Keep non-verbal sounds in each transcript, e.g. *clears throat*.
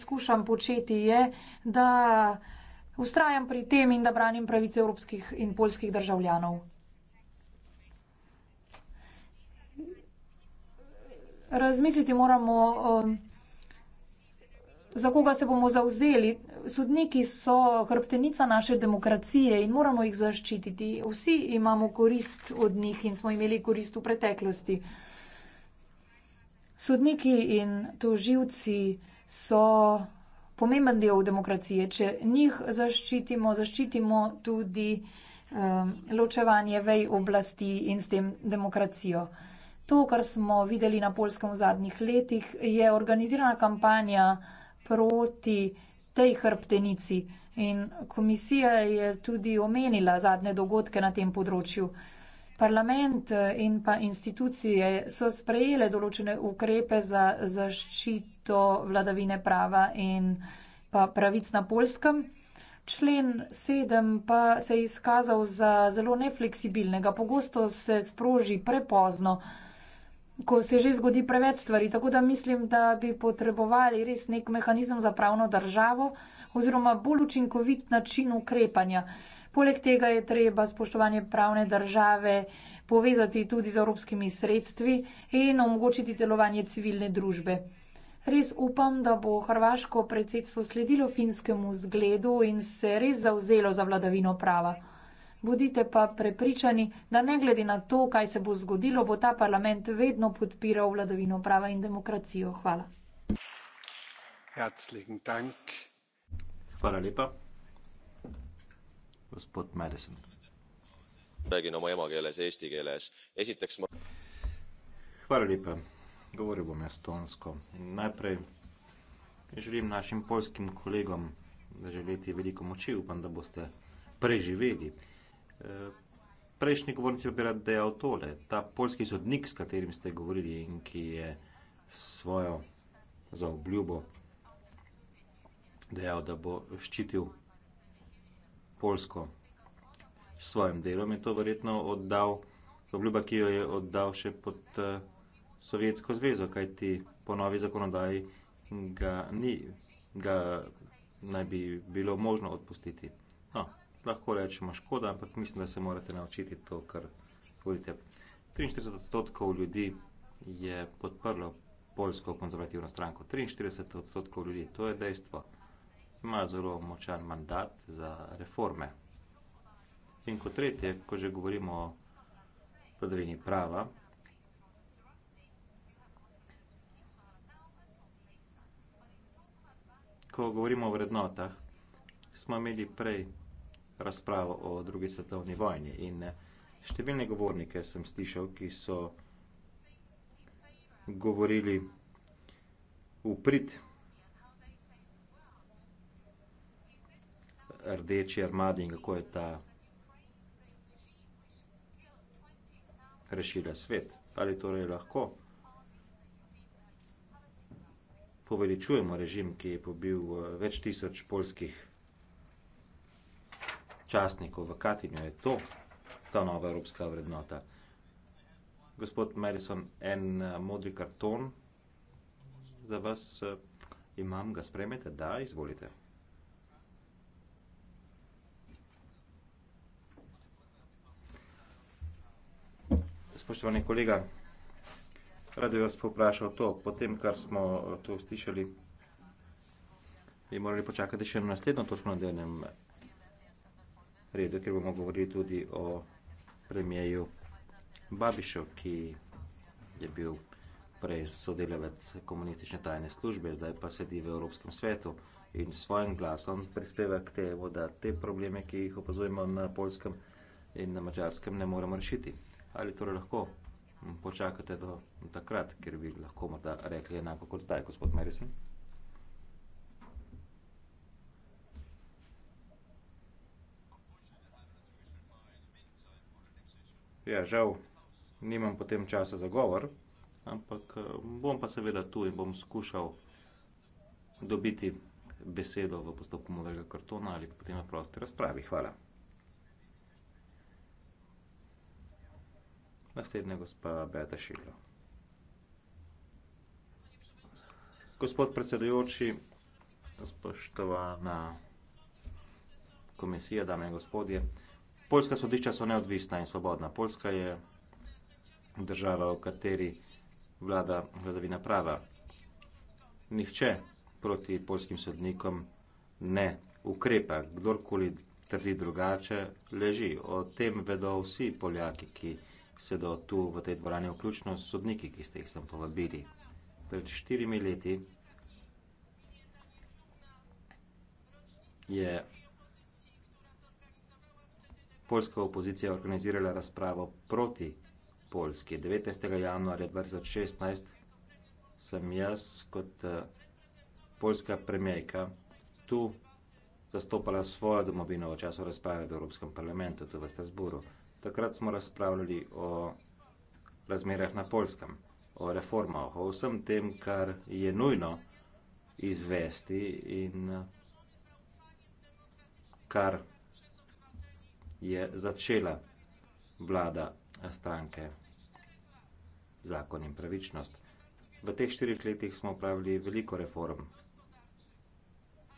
skušam početi, je, da ustrajam pri tem in da branim pravice evropskih in polskih državljanov. Razmisliti moramo, um, za koga se bomo zauzeli. Sodniki so hrbtenica naše demokracije in moramo jih zaščititi. Vsi imamo korist od njih in smo imeli korist v preteklosti. Sodniki in toživci so pomemben del demokracije. Če njih zaščitimo, zaščitimo tudi um, ločevanje vej oblasti in s tem demokracijo. To, kar smo videli na polskem v zadnjih letih, je organizirana kampanja proti tej hrbtenici. In komisija je tudi omenila zadnje dogodke na tem področju. Parlament eh, in pa institucije so sprejele določene ukrepe za zaščito do vladavine prava in pa pravic na polskem. Člen 7 pa se je izkazal za zelo nefleksibilnega, pogosto se sproži prepozno, ko se že zgodi preveč stvari. Tako da mislim, da bi potrebovali res nek mehanizem za pravno državo oziroma bolj učinkovit način ukrepanja. Poleg tega je treba spoštovanje pravne države povezati tudi z evropskimi sredstvi in omogočiti delovanje civilne družbe. Res upam, da bo hrvaško predsedstvo sledilo finskemu zgledu in se res zauzelo za vladavino prava. Bodite pa prepričani, da ne glede na to, kaj se bo zgodilo, bo ta parlament vedno podpiral vladavino prava in demokracijo. Hvala. Hvala lepa. Gospod Madison. Hvala lepa govoril bom estonsko. Najprej želim našim polskim kolegom, da želite veliko moči, upam, da boste preživeli. E, prejšnji govornici pa bi rad dejal tole. Ta polski sodnik, s katerim ste govorili in ki je svojo za obljubo dejal, da bo ščitil Polsko s svojim delom, je to verjetno oddal, obljuba, ki jo je oddal še pod uh, Sovjetsko zvezo, kajti po novi zakonodaji ga ni, ga naj bi bilo možno odpustiti. No, lahko rečemo škoda, ampak mislim, da se morate naučiti to, kar govorite. 43 odstotkov ljudi je podprlo polsko konzervativno stranko. 43 odstotkov ljudi, to je dejstvo. Ima zelo močan mandat za reforme. In kot tretje, ko že govorimo o vladavini prava, ko govorimo o vrednotah, smo imeli prej razpravo o drugi svetovni vojni in eh, številne govornike sem slišal, ki so govorili v prid rdeči armadi in kako je ta rešila svet. Ali torej lahko poveličujemo režim, ki je pobil eh, več tisoč polskih častnikov v Katinju. Je to ta nova evropska vrednota? Gospod Madison, en eh, modri karton za vas eh, imam, ga spremete? Da, izvolite. Spoštovani kolega, Rad bi vas poprašal to, potem, kar smo eh, to slišali, bi morali počakati še na naslednjo točno delnem redu, ker bomo govorili tudi o premijeju Babišev, ki je bil prej sodelavec komunistične tajne službe, zdaj pa sedi v Evropskem svetu in svojim glasom prispeva k temu, da te probleme, ki jih opazujemo na polskem in na mačarskem, ne moremo rešiti. Ali torej lahko počakate do takrat, ker bi lahko morda rekli enako kot zdaj, gospod Marison? Ja, žal, nimam potem časa za govor, ampak eh, bom pa seveda tu in bom skušal dobiti besedo v postopku modrega kartona ali potem na prosti razpravi. Hvala. Naslednja gospa Beta Šiljo. Gospod predsedujoči, spoštovana komisija, dame in gospodje, Poljska sodišča so neodvisna in svobodna. Poljska je država, v kateri vlada vladavina prava. Nihče proti poljskim sodnikom ne ukrepa, kdorkoli trdi drugače, leži. O tem vedo vsi Poljaki, ki vse do tu v tej dvorani, vključno s sodniki, ki ste jih sem povabili pred štirimi leti. Je poljska opozicija organizirala razpravo proti Poljski. 19. januarja 2016 sem jaz kot uh, poljska premijerka tu zastopala svojo domovino v času razprave v Evropskem parlamentu, tu v Strasburu. Takrat smo razpravljali o razmerah na polskem, o reformah, o vsem tem, kar je nujno izvesti in kar je začela vlada stranke Zakon in pravičnost. V teh štirih letih smo upravili veliko reform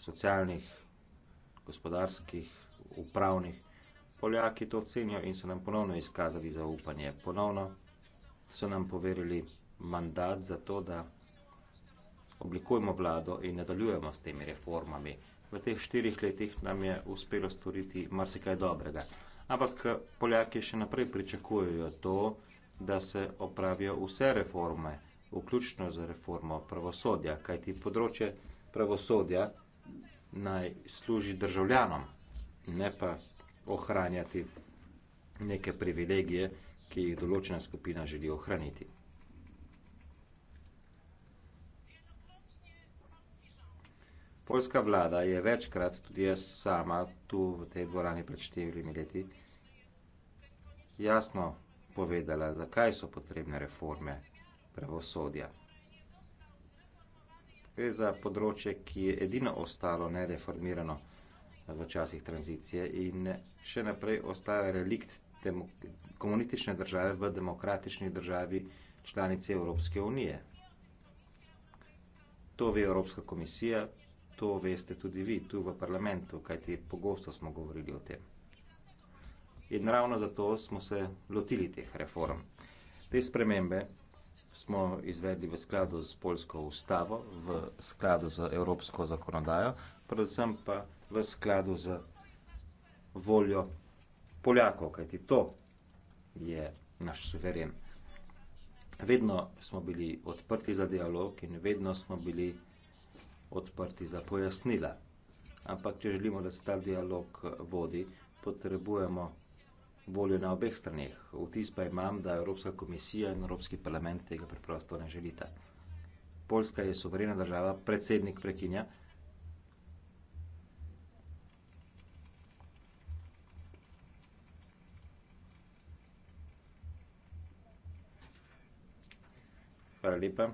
socialnih, gospodarskih, upravnih. Poljaki to cenijo in so nam ponovno izkazali zaupanje. Ponovno so nam poverili mandat za to, da oblikujemo vlado in nadaljujemo s temi reformami. V teh štirih letih nam je uspelo storiti marsikaj dobrega. Ampak Poljaki še naprej pričakujejo to, da se opravijo vse reforme, vključno z reformo pravosodja, kajti področje pravosodja naj služi državljanom, ne pa ohranjati neke privilegije, ki jih določena skupina želi ohraniti. Poljska vlada je večkrat, tudi jaz sama, tu v tej dvorani pred številimi leti, jasno povedala, zakaj so potrebne reforme pravosodja. Gre za področje, ki je edino ostalo nereformirano v časih tranzicije in še naprej ostaja relikt komunistične države v demokratični državi članice Evropske unije. To ve Evropska komisija, to veste tudi vi tu v parlamentu, kajti pogosto smo govorili o tem. In ravno zato smo se lotili teh reform. Te spremembe smo izvedli v skladu z polsko ustavo, v skladu z evropsko zakonodajo, predvsem pa v skladu z voljo Poljakov, kajti to je naš suveren. Vedno smo bili odprti za dialog in vedno smo bili odprti za pojasnila. Ampak, če želimo, da se ta dialog vodi, potrebujemo voljo na obeh stranih. Vtis pa imam, da Evropska komisija in Evropski parlament tega preprosto ne želita. Poljska je suverena država, predsednik prekinja, Hvala lepa.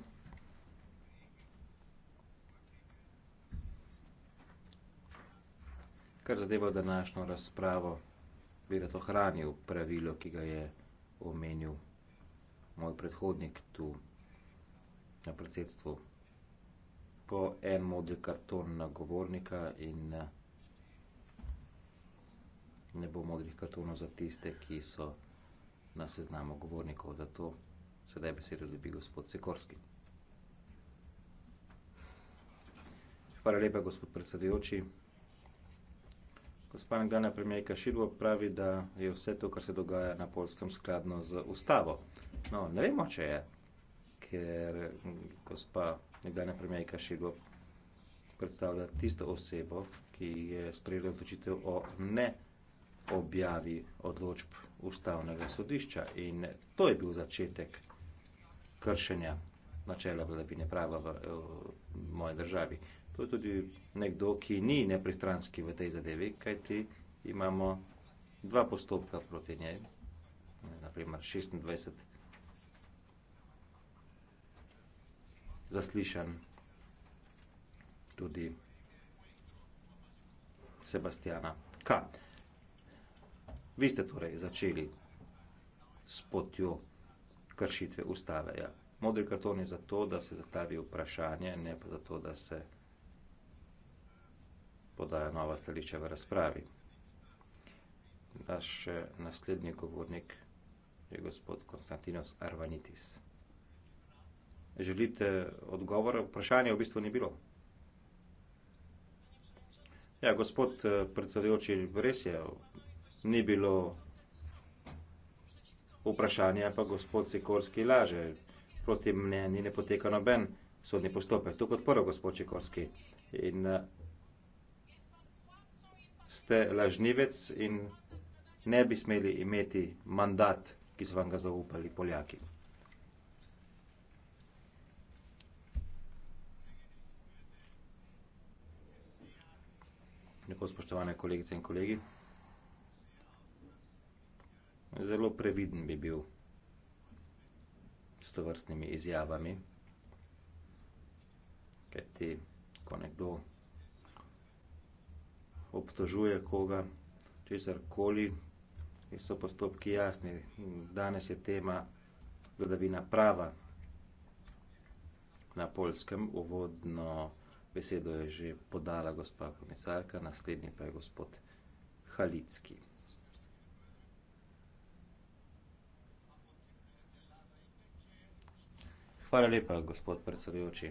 Kar zadeva današnjo razpravo, bi rad ohranil pravilo, ki ga je omenil moj predhodnik tu na predsedstvu. Po en modri karton na govornika in ne bo modrih kartonov za tiste, ki so na seznamu govornikov, zato. Sedaj besedo dobi gospod Sikorski. Hvala lepa, gospod predsedujoči. Gospa nekdana premijerka Širvo pravi, da je vse to, kar se dogaja na polskem, skladno z ustavo. No, ne vemo, če je, ker gospa nekdana premijerka Širvo predstavlja tisto osebo, ki je sprejela odločitev o ne objavi odločb ustavnega sodišča. In to je bil začetek kršenja načela vladavine prava v, v, eh, v moji državi. To je tudi nekdo, ki ni nepristranski v tej zadevi, kajti imamo dva postopka proti njej, naprimer 26 zaslišan tudi Sebastiana K. Vi ste torej začeli s potjo kršitve ustave. Ja. Modri karton je zato, da se zastavi vprašanje, ne pa zato, da se podaja nova stališča v razpravi. Naš eh, naslednji govornik je gospod Konstantinos Arvanitis. Želite odgovor? Vprašanje v bistvu ni bilo. Ja, gospod eh, predsedujoči, res je, ni bilo vprašanje, pa gospod Sikorski laže. Proti mnenju ne poteka noben sodni postopek. To kot prvo, gospod Sikorski. In uh, ste lažnivec in ne bi smeli imeti mandat, ki so vam ga zaupali Poljaki. Neko spoštovane kolegice in kolegi zelo previden bi bil s to vrstnimi izjavami, kajti ko nekdo obtožuje koga, česar koli, so postopki jasni. Danes je tema vladavina prava na polskem. Uvodno besedo je že podala gospa komisarka, naslednji pa je gospod Halicki. Hvala lepa, gospod predsedujoči.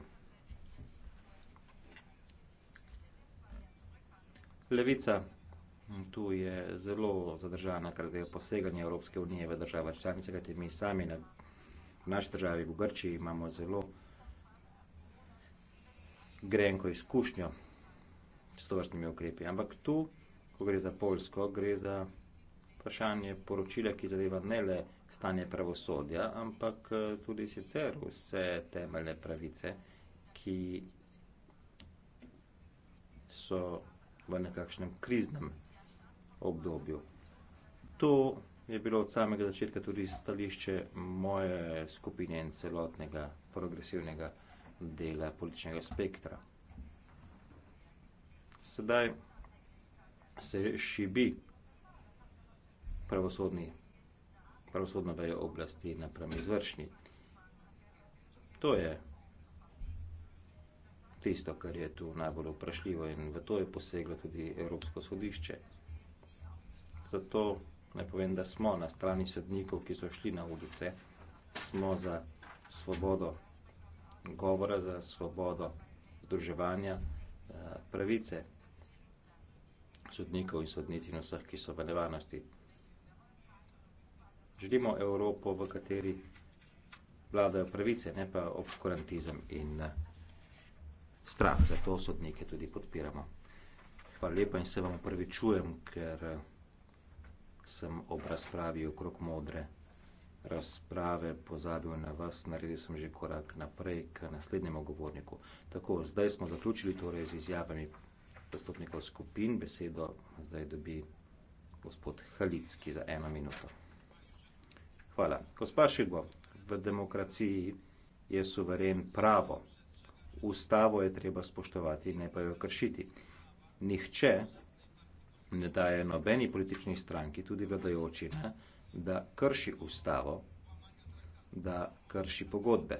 Levica, hm, tu je zelo zadržana, ker gre poseganje Evropske unije v država članice, kajti mi sami na naši državi v Grčiji imamo zelo grenko izkušnjo s tovrstnimi ukrepi. Ampak tu, ko gre za Poljsko, gre za vprašanje poročila, ki zadeva ne le stanje pravosodja, ampak eh, tudi sicer vse temeljne pravice, ki so v nekakšnem kriznem obdobju. To je bilo od samega začetka tudi stališče moje skupine in celotnega progresivnega dela političnega spektra. Sedaj se šibi pravosodni pravosodne veje oblasti naprem izvršni. To je tisto, kar je tu najbolj vprašljivo in v to je poseglo tudi Evropsko sodišče. Zato naj povem, da smo na strani sodnikov, ki so šli na ulice, smo za svobodo govora, za svobodo združevanja, eh, pravice sodnikov in sodnic in vseh, ki so v nevarnosti želimo Evropo, v kateri vladajo pravice, ne pa obskurantizem in eh, strah. Zato sodnike tudi podpiramo. Hvala lepa in se vam upravičujem, ker eh, sem ob razpravi okrog modre razprave pozabil na vas, naredil sem že korak naprej k naslednjemu govorniku. Tako, zdaj smo zaključili torej z izjavami zastopnikov skupin. Besedo zdaj dobi gospod Halicki za eno minuto. Hvala. Gospa Šigo, v demokraciji je suveren pravo. Ustavo je treba spoštovati, ne pa jo kršiti. Nihče ne daje nobeni politični stranki, tudi vladajoči, da krši ustavo, da krši pogodbe.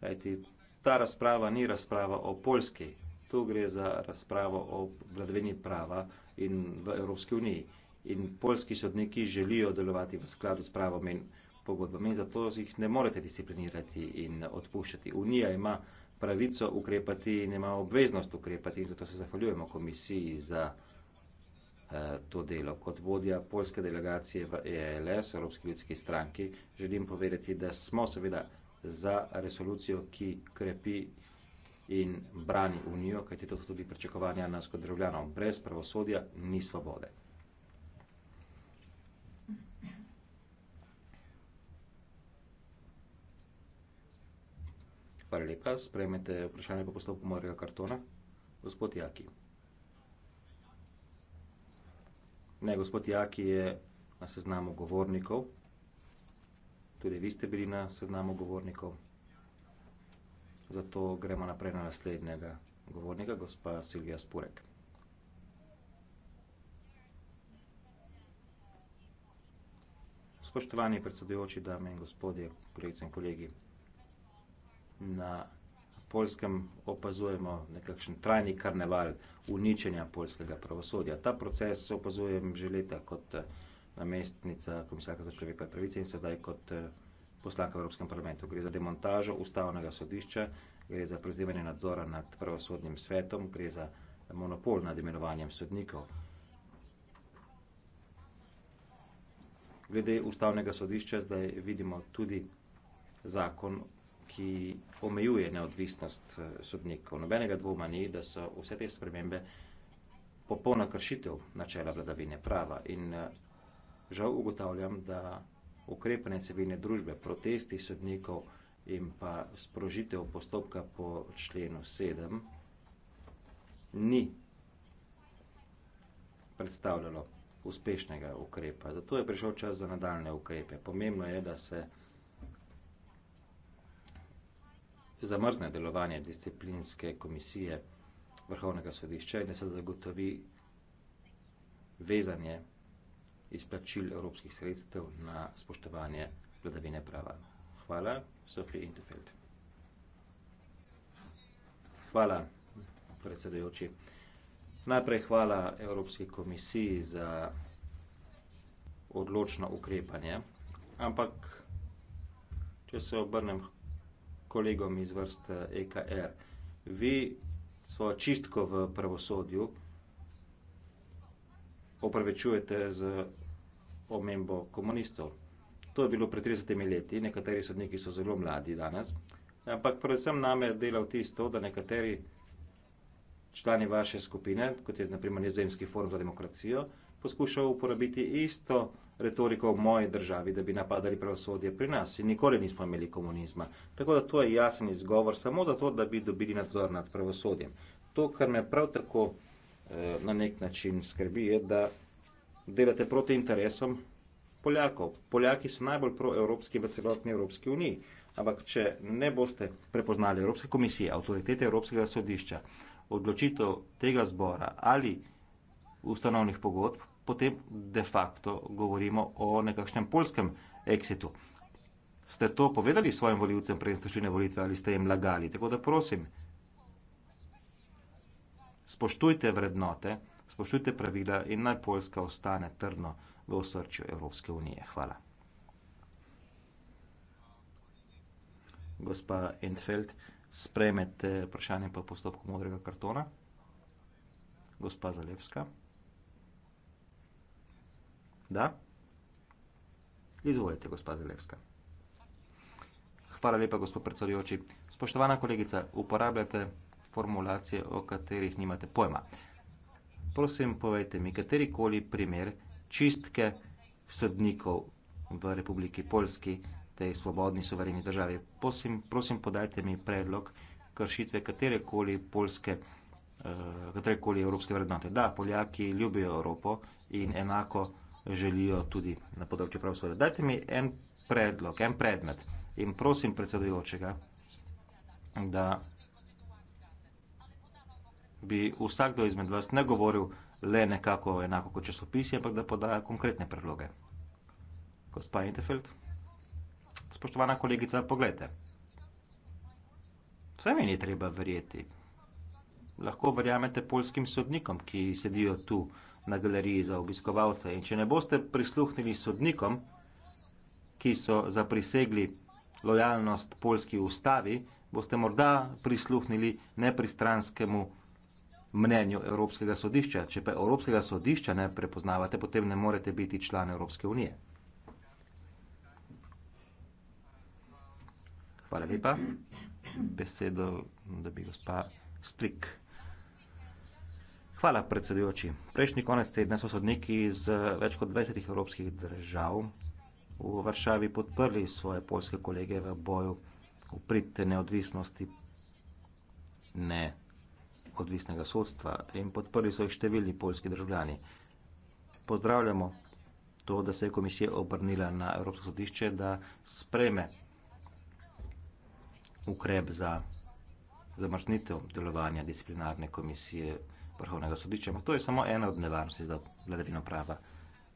Kajti ta razprava ni razprava o Poljski, tu gre za razpravo o vladavini prava in v Evropski uniji in polski sodniki želijo delovati v skladu s pravom in pogodbami, zato jih ne morete disciplinirati in odpuščati. Unija ima pravico ukrepati in ima obveznost ukrepati in zato se zahvaljujemo komisiji za eh, to delo. Kot vodja polske delegacije v ELS, Evropski ljudski stranki, želim povedati, da smo seveda za resolucijo, ki krepi in brani Unijo, kajti to so tudi pričakovanja nas kot državljanov. Brez pravosodja ni svobode. Hvala lepa. Sprejmete vprašanje po postopku morega kartona. Gospod Jaki. Ne, gospod Jaki je na seznamu govornikov. Tudi vi ste bili na seznamu govornikov. Zato gremo naprej na naslednjega govornika, gospa Silvija Spurek. Spoštovani predsedujoči, dame in gospodje, kolegice in kolegi na polskem opazujemo nekakšen trajni karneval uničenja polskega pravosodja. Ta proces opazujem že leta kot eh, namestnica komisarka za človekove pravice in sedaj kot eh, poslanka v Evropskem parlamentu. Gre za demontažo ustavnega sodišča, gre za prevzemanje nadzora nad pravosodnim svetom, gre za monopol nad imenovanjem sodnikov. Glede ustavnega sodišča zdaj vidimo tudi zakon ki omejuje neodvisnost eh, sodnikov. Nobenega dvoma ni, da so vse te spremembe popolna kršitev načela vladavine prava in eh, žal ugotavljam, da ukrepanje civilne družbe, protesti sodnikov in pa sprožitev postopka po členu 7 ni predstavljalo uspešnega ukrepa. Zato je prišel čas za nadaljne ukrepe. Pomembno je, da se zamrzne delovanje disciplinske komisije Vrhovnega sodišča in da se zagotovi vezanje izplačil evropskih sredstev na spoštovanje vladavine prava. Hvala, Sofija Interfeld. Hvala, predsedujoči. Najprej hvala Evropski komisiji za odločno ukrepanje, ampak če se obrnem kolegom iz vrste eh, EKR. Vi svojo čistko v pravosodju opravičujete z omembo komunistov. To je bilo pred 30 leti, nekateri sodniki so zelo mladi danes, ampak predvsem name delal tisto, da nekateri člani vaše skupine, kot je naprimer Nizozemski forum za demokracijo, poskušal uporabiti isto retoriko v moji državi, da bi napadali pravosodje pri nas in nikoli nismo imeli komunizma. Tako da to je jasen izgovor samo zato, da bi dobili nadzor nad pravosodjem. To, kar me prav tako eh, na nek način skrbi, je, da delate proti interesom Poljakov. Poljaki so najbolj proevropski v celotni Evropski uniji. Ampak, če ne boste prepoznali Evropske komisije, avtoritete Evropskega sodišča, odločitev tega zbora ali ustanovnih pogodb, potem de facto govorimo o nekakšnem polskem eksitu. Ste to povedali svojim voljivcem pred stočine volitve ali ste jim lagali? Tako da prosim, spoštujte vrednote, spoštujte pravila in naj Poljska ostane trdno v osrčju Evropske unije. Hvala. Gospa Entfeld, sprejmete vprašanje po postopku modrega kartona. Gospa Zalevska. Da? Izvolite, gospa Zelevska. Hvala lepa, gospod predsedujoči. Spoštovana kolegica, uporabljate formulacije, o katerih nimate pojma. Prosim, povejte mi katerikoli primer čistke sodnikov v Republiki Polski, tej svobodni, suvereni državi. Prosim, prosim podajte mi predlog kršitve katerekoli polske, eh, katerekoli evropske vrednote. Da, Poljaki ljubijo Evropo in enako želijo tudi na področju pravosodja. Dajte mi en predlog, en predmet in prosim predsedujočega, da bi vsakdo izmed vas ne govoril le nekako enako kot časopisi, ampak da podaja konkretne predloge. Gospa Intefeld, spoštovana kolegica, poglejte. Vse mi ni treba verjeti lahko verjamete polskim sodnikom, ki sedijo tu na galeriji za obiskovalce. In če ne boste prisluhnili sodnikom, ki so zaprisegli lojalnost polski ustavi, boste morda prisluhnili nepristranskemu mnenju Evropskega sodišča. Če pa Evropskega sodišča ne prepoznavate, potem ne morete biti član Evropske unije. Hvala lepa. Besedo, da bi gospa Strik. Hvala, predsedujoči. Prejšnji konec tedna so sodniki iz eh, več kot 20 evropskih držav v Varšavi podprli svoje polske kolege v boju v pridte neodvisnosti neodvisnega sodstva in podprli so jih številni polski državljani. Pozdravljamo to, da se je komisija obrnila na Evropsko sodišče, da spreme ukrep za zamrznitev delovanja disciplinarne komisije v Varšavi vrhovnega sodišča. To je samo ena od nevarnosti za vladavino prava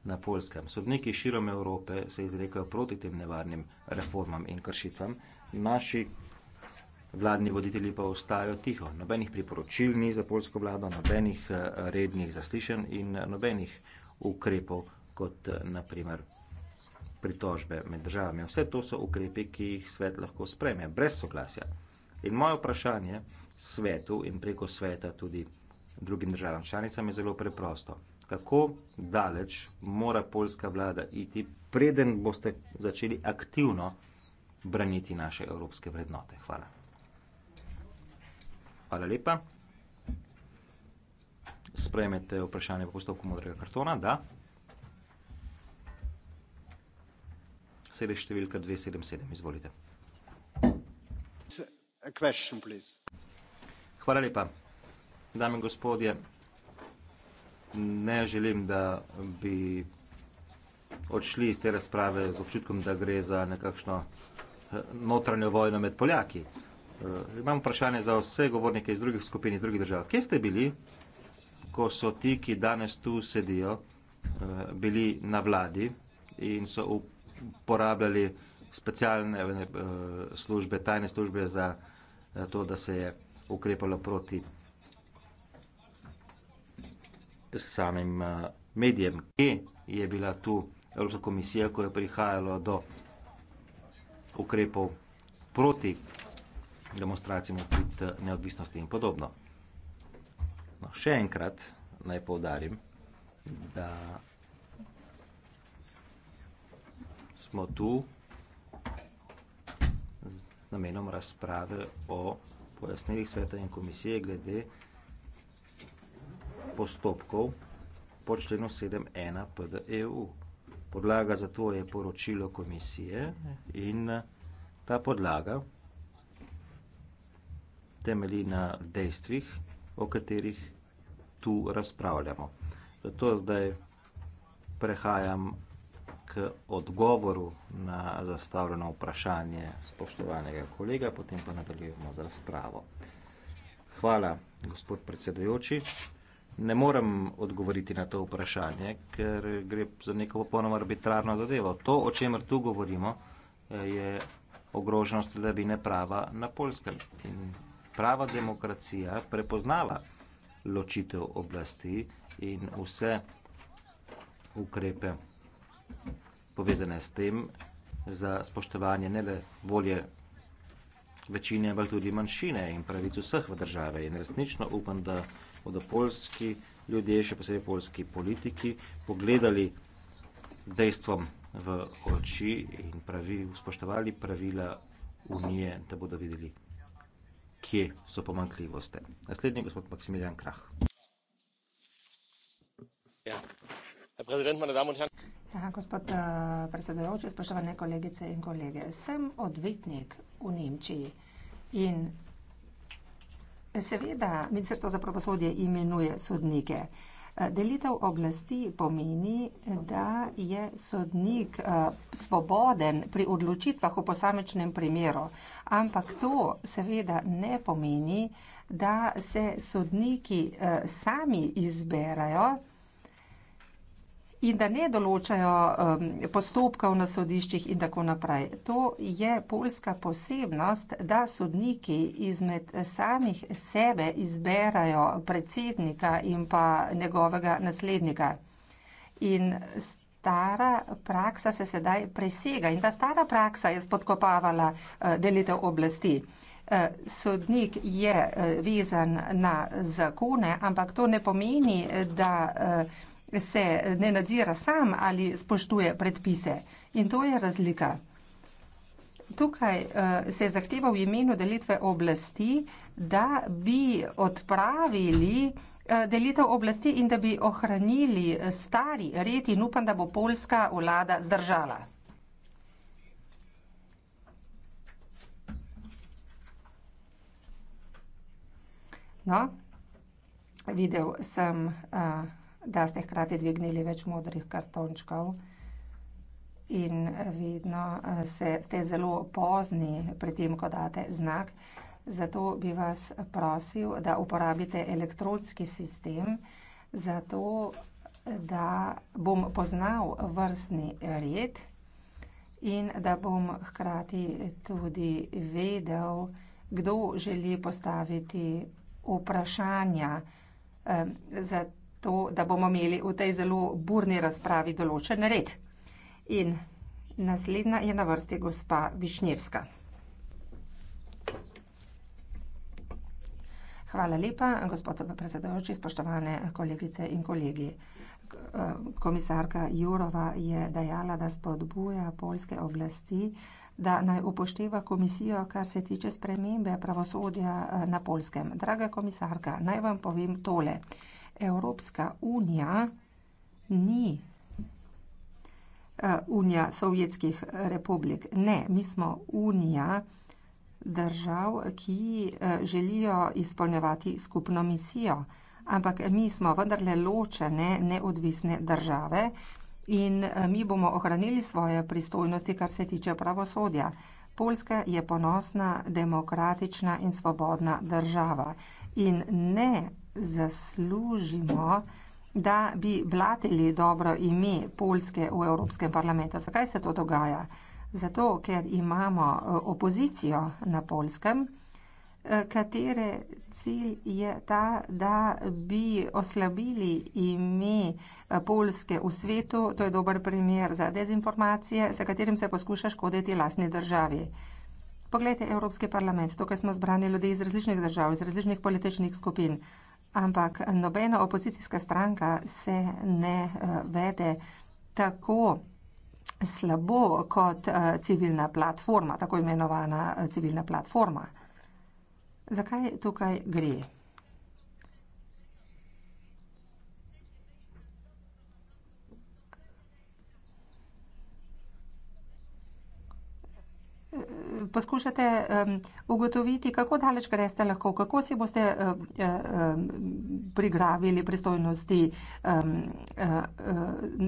na polskem. Sodniki širom Evrope se izrekajo proti tem nevarnim reformam in kršitvam, naši vladni voditelji pa ostajajo tiho. Nobenih priporočil ni za polsko vlado, nobenih eh, rednih zaslišanj in eh, nobenih ukrepov, kot eh, naprimer pritožbe med državami. Vse to so ukrepi, ki jih svet lahko spreme, brez soglasja. In moje vprašanje svetu in preko sveta tudi drugim državam članicam je zelo preprosto. Kako daleč mora polska vlada iti, preden boste začeli aktivno braniti naše evropske vrednote? Hvala. Hvala lepa. Sprejmete vprašanje po postopku modrega kartona? Da. Sedež številka 277, izvolite. Hvala lepa. Dame in gospodje, ne želim, da bi odšli iz te razprave z občutkom, da gre za nekakšno eh, notranjo vojno med Poljaki. Eh, imam vprašanje za vse govornike iz drugih skupin in drugih držav. Kje ste bili, ko so ti, ki danes tu sedijo, eh, bili na vladi in so uporabljali specialne službe, tajne službe za to, da se je ukrepalo proti s samim eh, medijem. Kje je bila tu Evropska komisija, ko je prihajalo do ukrepov proti demonstracijam odprit eh, neodvisnosti in podobno? No, še enkrat naj povdarim, da smo tu z namenom razprave o pojasnilih sveta in komisije glede postopkov po členu 7.1 PDEU. Podlaga za to je poročilo komisije in eh, ta podlaga temelji na dejstvih, o katerih tu razpravljamo. Zato zdaj prehajam k odgovoru na zastavljeno vprašanje spoštovanega kolega, potem pa nadaljujemo z razpravo. Hvala, gospod predsedujoči ne morem odgovoriti na to vprašanje, ker gre za neko popolnoma arbitrarno zadevo. To, o čemer tu govorimo, je ogroženost vladavine prava na polskem. In prava demokracija prepoznava ločitev oblasti in vse ukrepe povezane s tem za spoštovanje ne le volje večine, ampak tudi manjšine in pravic vseh v države. In resnično upam, da bodo polski ljudje, še posebej polski politiki, pogledali dejstvom v oči in pravi, spoštovali pravila Unije, da bodo videli, kje so pomankljivosti. Naslednji gospod Maksimilijan Krah. Ja. Ja, gospod uh, predsedujoči, spoštovane kolegice in kolege, sem odvetnik v Nemčiji in Seveda, Ministrstvo za pravosodje imenuje sodnike. Eh, delitev oblasti pomeni, da je sodnik eh, svoboden pri odločitvah v posamečnem primeru, ampak to seveda ne pomeni, da se sodniki eh, sami izberajo in da ne določajo um, postopkov na sodiščih in tako naprej. To je polska posebnost, da sodniki izmed samih sebe izberajo predsednika in pa njegovega naslednika. In stara praksa se sedaj presega in ta stara praksa je spodkopavala uh, delitev oblasti. Eh, sodnik je eh, vezan na zakone, ampak to ne pomeni, da se ne nadzira sam ali spoštuje predpise. In to je razlika. Tukaj uh, se je zahteva v imenu delitve oblasti, da bi odpravili uh, delitev oblasti in da bi ohranili eh, stari red in upam, da bo polska vlada zdržala. No, videl sem. Uh, da ste hkrati dvignili več modrih kartončkov. In vedno eh, se, ste zelo pozni pri tem, ko date znak. Zato bi vas prosil, da uporabite elektronski sistem, zato da bom poznal vrstni red in da bom hkrati tudi vedel, kdo želi postaviti vprašanja. Eh, zato to, da bomo imeli v tej zelo burni razpravi določen red. In naslednja je na vrsti gospa Višnjevska. Hvala lepa, gospod predsedujoči, spoštovane kolegice in kolegi. Komisarka Jurova je dejala, da spodbuja polske oblasti, da naj upošteva komisijo, kar se tiče spremembe pravosodja eh, na polskem. Draga komisarka, naj vam povem tole. Evropska unija ni eh, unija sovjetskih republik. Ne, mi smo unija držav, ki eh, želijo izpolnjevati skupno misijo. Ampak mi smo vendarle ločene, neodvisne države in eh, mi bomo ohranili svoje pristojnosti, kar se tiče pravosodja. Poljska je ponosna, demokratična in svobodna država. In ne zaslužimo, da bi blatili dobro ime Polske v Evropskem parlamentu. Zakaj se to dogaja? Zato, ker imamo e, opozicijo na Polskem, e, katere cilj je ta, da bi oslabili ime e, Polske v svetu. To je dober primer za dezinformacije, za katerim se poskuša škoditi lastni državi. Poglejte Evropski parlament, tukaj smo zbrani ljudi iz različnih držav, iz različnih političnih skupin. Ampak nobena opozicijska stranka se ne eh, vede tako slabo kot eh, civilna platforma, tako imenovana eh, civilna platforma. Zakaj tukaj gre? poskušate um, ugotoviti, kako daleč greste lahko, kako si boste um, um, prigravili pristojnosti um, uh,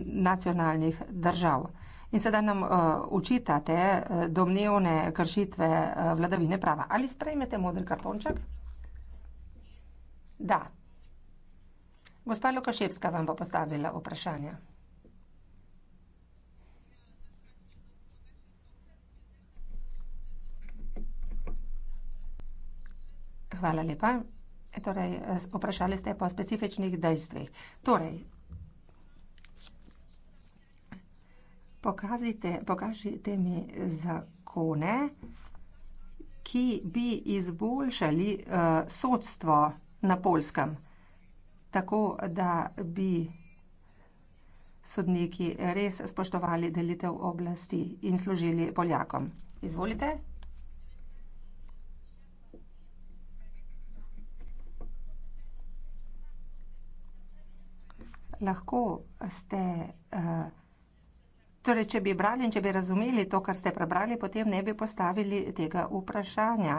nacionalnih držav. In sedaj nam uh, eh, učitate eh, domnevne kršitve uh, vladavine prava. Ali sprejmete modri kartonček? Da. Gospa Lukaševska vam bo postavila vprašanje. hvala lepa. Torej, vprašali ste pa o specifičnih dejstvih. Torej, pokazite, pokažite mi zakone, ki bi izboljšali uh, sodstvo na polskem, tako da bi sodniki res spoštovali delitev oblasti in služili Poljakom. Izvolite. Hvala. lahko ste, eh, torej če bi brali in če bi razumeli to, kar ste prebrali, potem ne bi postavili tega vprašanja.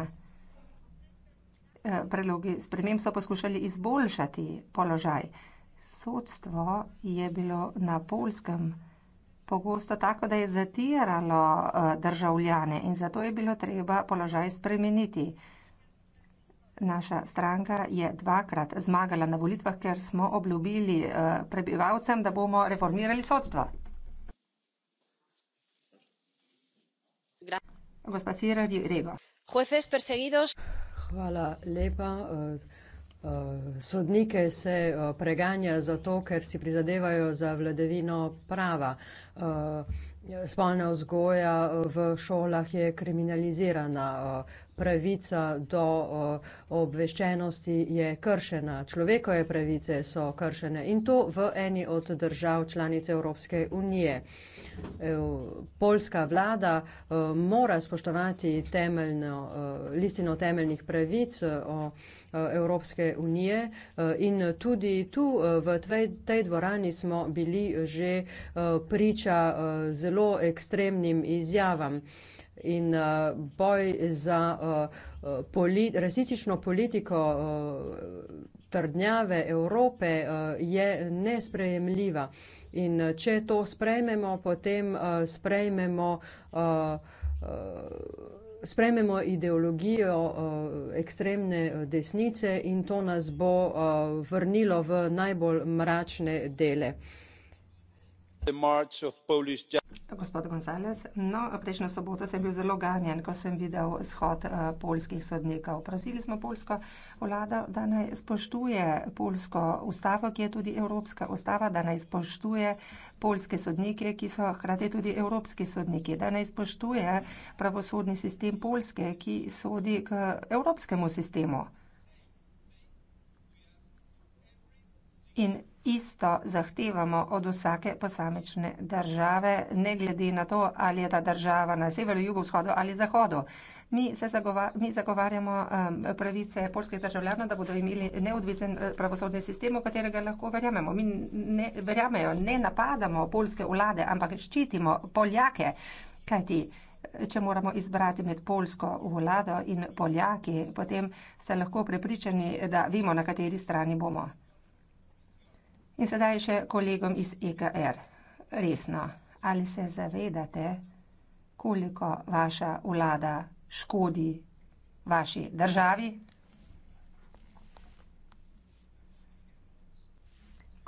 Eh, predlogi sprememb so poskušali izboljšati položaj. Sodstvo je bilo na polskem pogosto tako, da je zatiralo eh, državljane in zato je bilo treba položaj spremeniti. Naša stranka je dvakrat zmagala na volitvah, ker smo obljubili eh, prebivalcem, da bomo reformirali sodstvo. Gospa Sirarji Rego. Hvala lepa. Eh, eh, sodnike se preganja zato, ker si prizadevajo za vladavino prava. Spolna vzgoja v šolah je kriminalizirana pravica do obveščenosti je kršena, človekove pravice so kršene in to v eni od držav članic Evropske unije. E, poljska vlada e, mora spoštovati temeljno, e, listino temeljnih pravic Evropske unije in tudi tu v tej dvorani smo bili že priča zelo ekstremnim izjavam in uh, boj za uh, uh polit rasistično politiko uh, trdnjave Evrope uh, je nesprejemljiva. In uh, če to sprejmemo, potem uh, sprejmemo. Uh, uh, Sprememo ideologijo uh, ekstremne desnice in to nas bo uh, vrnilo v najbolj mračne dele. Gospod Gonzales, no, prejšnjo soboto sem bil zelo ganjen, ko sem videl shod uh, eh, polskih sodnikov. Prosili smo polsko vlado, da naj spoštuje polsko ustavo, ki je tudi evropska ustava, da naj spoštuje polske sodnike, ki so hkrati tudi evropski sodniki, da naj spoštuje pravosodni sistem polske, ki sodi k evropskemu sistemu. In Isto zahtevamo od vsake posamečne države, ne glede na to, ali je ta država na severu, jugu, vzhodu ali zahodu. Mi, se zagova, mi zagovarjamo um, pravice polskih državljanov, da bodo imeli neodvisen uh, pravosodni sistem, v katerega lahko verjamemo. Mi ne verjamemo, ne napadamo polske vlade, ampak ščitimo Poljake, kajti. Uh, če moramo izbrati med polsko vlado in poljaki, potem ste lahko prepričani, da vemo, na kateri strani bomo. In sedaj še kolegom iz EKR. Resno, ali se zavedate, koliko vaša vlada škodi vaši državi?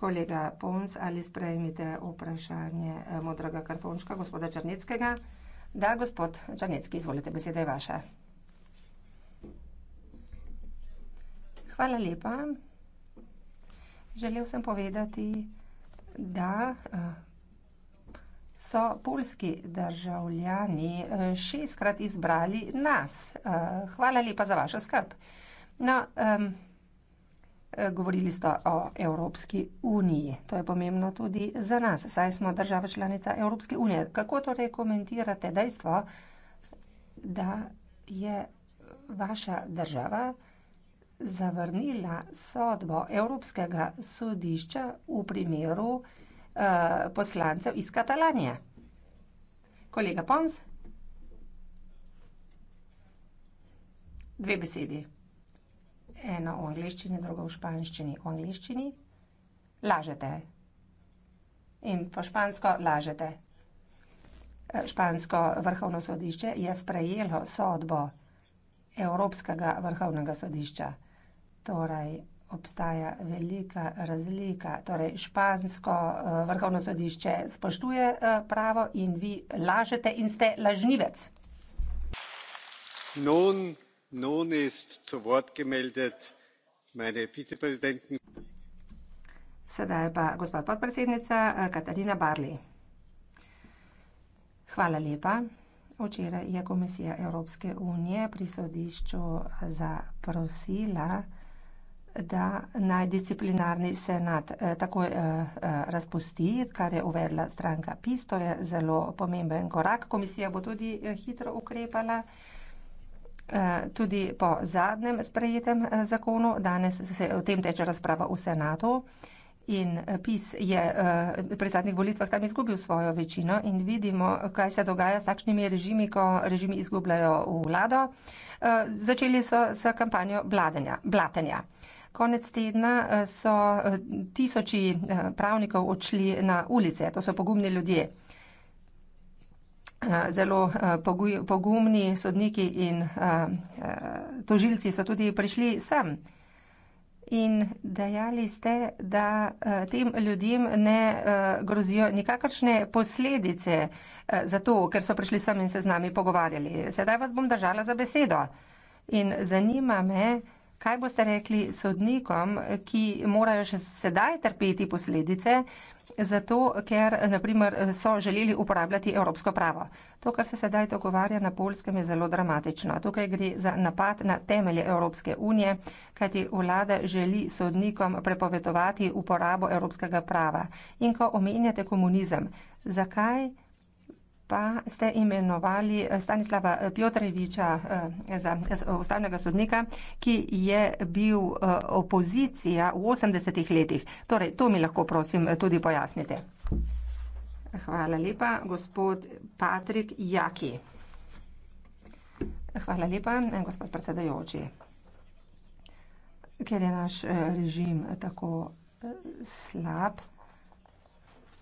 Kolega Pons, ali sprejmite vprašanje eh, modrega kartončka gospoda Črneckega? Da, gospod Črnecki, izvolite, beseda je vaša. Hvala lepa želel sem povedati, da eh, so polski državljani eh, šestkrat izbrali nas. Eh, hvala lepa za vašo skrb. No, um, govorili ste o Evropski uniji. To je pomembno tudi za nas. Saj smo država članica Evropske unije. Kako torej komentirate dejstvo, da je vaša država zavrnila sodbo Evropskega sodišča v primeru eh, poslancev iz Katalanije. Kolega Pons? Dve besedi. Eno v angliščini, drugo v španščini. V angliščini lažete. In po špansko lažete. Eh, špansko vrhovno sodišče je sprejelo sodbo Evropskega vrhovnega sodišča. Torej, obstaja velika razlika. Torej, špansko uh, vrhovno sodišče spoštuje uh, pravo in vi lažete in ste lažnivec. Nun, nun Sedaj pa gospod podpredsednica eh, Katarina Barli. Hvala lepa. Včeraj je Komisija Evropske unije pri sodišču zaprosila, da naj disciplinarni senat eh, takoj eh, eh, razpusti, kar je uvedla stranka PIS, to je zelo pomemben korak. Komisija bo tudi hitro ukrepala. Tudi po zadnjem sprejetem zakonu, danes se o tem teče razprava v senatu in PIS je pri zadnjih volitvah tam izgubil svojo večino in vidimo, kaj se dogaja s takšnimi režimi, ko režimi izgubljajo vlado. Začeli so s kampanjo blatenja. Konec tedna eh, so eh, tisoči eh, pravnikov odšli na ulice, to so pogumni ljudje. Zelo pogumni sodniki in tožilci so tudi prišli sem. In dejali ste, da tem ljudem ne grozijo nikakršne posledice za to, ker so prišli sem in se z nami pogovarjali. Sedaj vas bom držala za besedo. In zanima me, kaj boste rekli sodnikom, ki morajo še sedaj trpeti posledice, zato ker naprimer, so želeli uporabljati evropsko pravo. To, kar se sedaj dogovarja na polskem, je zelo dramatično. Tukaj gre za napad na temelje Evropske unije, kajti vlada želi sodnikom prepovedovati uporabo evropskega prava. In ko omenjate komunizem, zakaj? pa ste imenovali eh, Stanislava eh, Pjotreviča eh, za ustavnega sodnika, ki je bil opozicija v 80-ih letih. Torej, to mi lahko prosim tudi pojasnite. Hvala lepa, gospod Patrik Jaki. Hvala lepa, gospod predsedajoči. Ker je naš režim tako slab,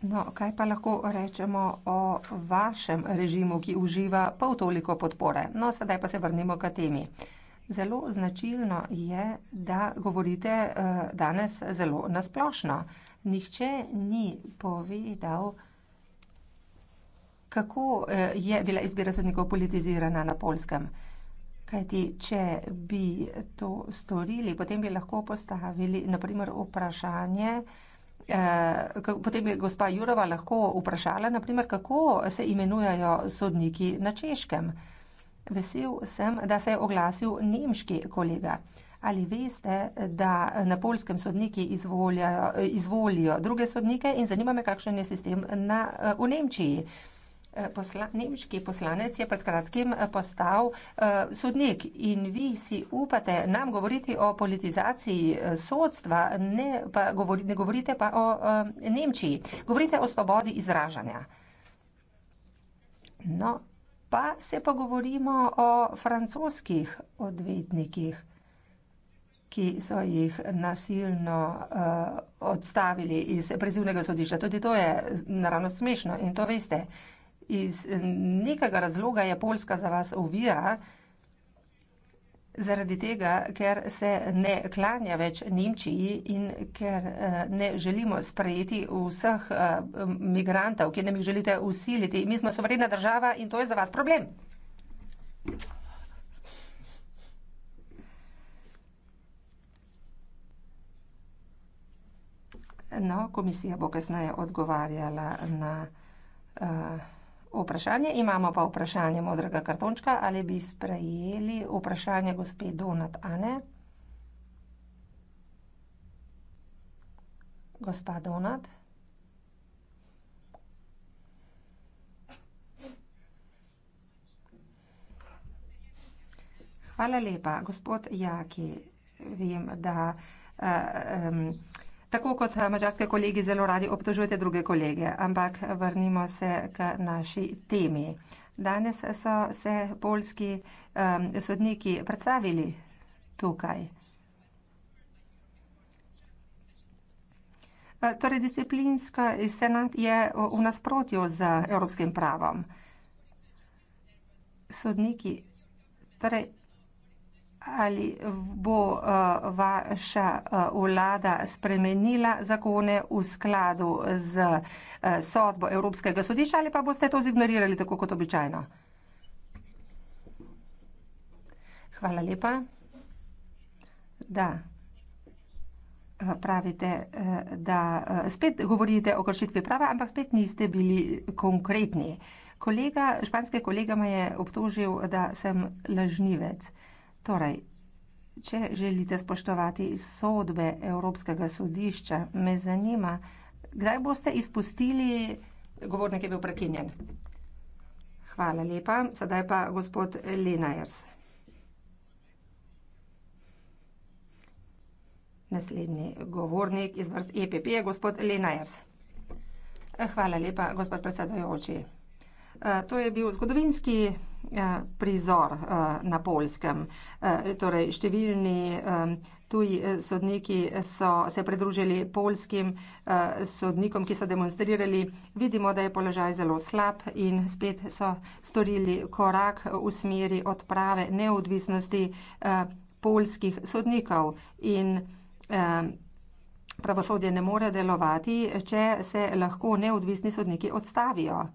No, kaj pa lahko rečemo o vašem režimu, ki uživa pa v toliko podpore? No, sedaj pa se vrnimo k temi. Zelo značilno je, da govorite eh, danes zelo nasplošno. Nihče ni povedal, kako eh, je bila izbira sodnikov politizirana na polskem. Kajti, če bi to storili, potem bi lahko postavili naprimer vprašanje, Eh, potem je gospa Jurova lahko vprašala, naprimer, kako se imenujajo sodniki na češkem. Vesel sem, da se je oglasil nemški kolega. Ali veste, da na polskem sodniki izvolijo druge sodnike in zanima me, kakšen je sistem na, eh, v Nemčiji? Eh, posla, nemški poslanec je pred kratkim eh, postal uh, sodnik in vi si upate nam govoriti o politizaciji sodstva, ne, pa govori, ne govorite pa o uh, Nemčiji. Govorite o svobodi izražanja. No, pa se pogovorimo o francoskih odvetnikih, ki so jih nasilno uh, odstavili iz prezivnega sodišča. Tudi to je naravno smešno in to veste iz eh, nekega razloga je Poljska za vas ovira, zaradi tega, ker se ne klanja več Nemčiji in ker eh, ne želimo sprejeti vseh eh, migrantov, ki nam jih želite usiliti. Mi smo sovredna država in to je za vas problem. No, komisija bo kasneje odgovarjala na uh, vprašanje. Imamo pa vprašanje modrega kartončka, ali bi sprejeli vprašanje gospe Donat Ane. Gospa Donat. Hvala lepa. Gospod Jaki, vem, da uh, um, Tako kot eh, mačarske kolegi zelo radi obtožujete druge kolege, ampak vrnimo se k naši temi. Danes so se polski um, sodniki predstavili tukaj. Eh, torej, disciplinsko senat je v nasprotju z evropskim pravom. Sodniki, torej, ali bo eh, vaša eh, vlada spremenila zakone v skladu z eh, sodbo Evropskega sodišča ali pa boste to zignorirali tako kot običajno? Hvala lepa. Da. Pravite, da spet govorite o kršitvi prava, ampak spet niste bili konkretni. Kolega, španski kolega me je obtožil, da sem lažnivec. Torej, če želite spoštovati sodbe Evropskega sodišča, me zanima, kdaj boste izpustili govornik je bil prekinjen. Hvala lepa, sedaj pa gospod Lenaers. Naslednji govornik iz vrst EPP je gospod Lenaers. Hvala lepa, gospod predsedujoči. Eh, to je bil zgodovinski eh, prizor eh, na Poljskem. Torej, številni tuji sodniki so se pridružili poljskim sodnikom, ki so demonstrirali. Vidimo, da je položaj zelo slab in spet so storili korak v smeri odprave neodvisnosti poljskih sodnikov. In pravosodje ne more delovati, če se lahko neodvisni sodniki odstavijo.